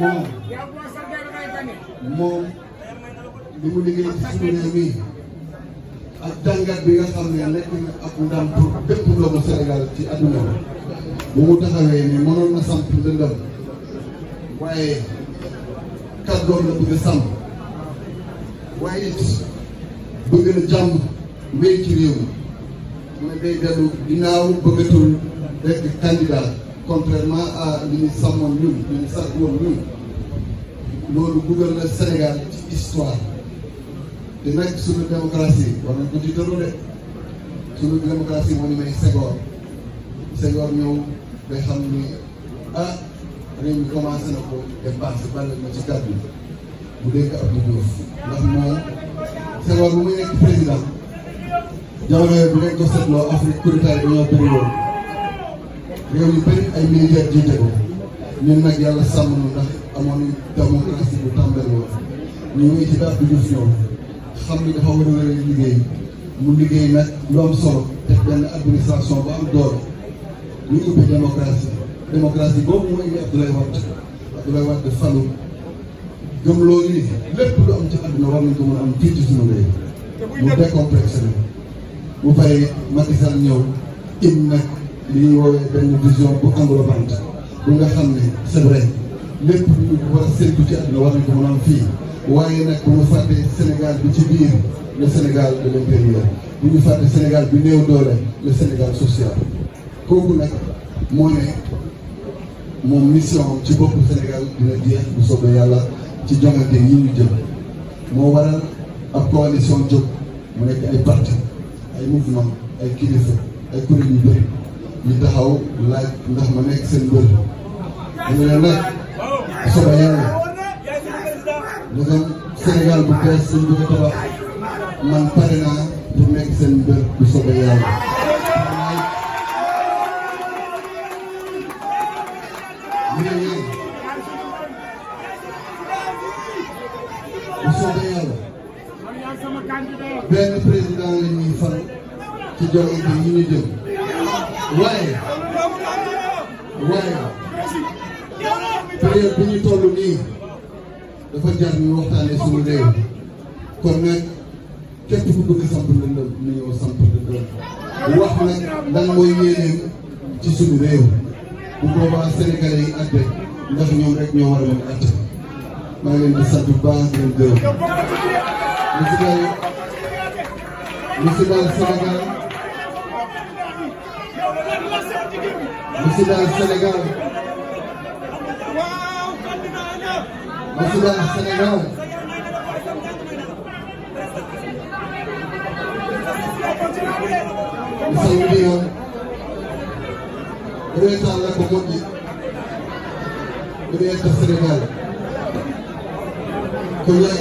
moom moom li mu liggéey ci suñu réew mi ak jàngat bi nga xam ne nekk na ak ndam pour bépp doomu Sénégal ci adduna bi mu taxawee ni mënoon na samp ndëndam waaye kàddoon la bëgg a waaye bëgg na jàmm wéy ci réew mi man day dellu ginnaaw bëggatul rekk candidat contrairement à li ñu sàmmoon ñun li ñu sàkk woon ñun loolu dugal na Sénégal ci histoire te nag suñu démocratie war nañ ko ci tëru de suñu démocratie moo ñu may Senghor Senghor ñëw ba ah, mi commencé na ko dépassé bàyyi na ci kàddu bu dee Abdou Diouf ndax moom Senghor bu muy nekk président jamono bu nekk ko seetloo réew yu bëri ay militaire jiite ko ñun nag yàlla sàmm na ndax amoon démocratie bu tàmbali ñu ngi ci dàpp Diouf ñoom xam ni dafa war a liggéey mu liggéey nag lu am benn administration bu am doole ñu ubbi démocratie démocratie boobu mooy indi Abdoulaye Wade Abdoulaye Wade falu gëm loolu lépp lu am ci àdduna war nañ ko mën a am jiitu suñu réew mu décomplexé na bu paree Macky ñëw indi nag li ñuy woowee benn vision bu englobante bu nga xam ne c'est vrai lépp lu war a séntu ci war nañ ko mën a am fii waaye nag bu ñu Sénégal bi ci biir le Sénégal de l'intérieur bu ñu fàtte Sénégal bi néew doole le Sénégal social kooku na moo ne moom mission am ci boppu Sénégal dina jeex bu soobee yàlla ci jongante yi ñu jëm moo waral ab coalition jóg mu nekk ay parti ay mouvement ay kilifa ay kuréel yu bëri ñu taxaw laaj ndax ma nekk seen mbër dama leen soba yàlla ñu dem Sénégal bu bees seen bëgg a tabax man pare naa pour nekk seen mbër soba yàlla benn président la ñuy fal ci joŋante yi ñu waaye waaye période bi ñu toll nii dafa jar ñu waxtaanee suñu réew kon nag képp ku bëgg samp dëndëm na ñëw samp dëndëm wax nag lan mooy yéeneem ci suñu réew bu boobaa sénégalais yi àtte ndax ñoom rek ñoo war a leen àtte maa ngi leen di sant bu baax leen gërëm musibaal musibaal Sénégal Monsieur le Sénégal. Monsieur le Senegal. Você é Sénégal. reetaan la ko moƴƴi ɗum yetta sénégal ko ñaƴi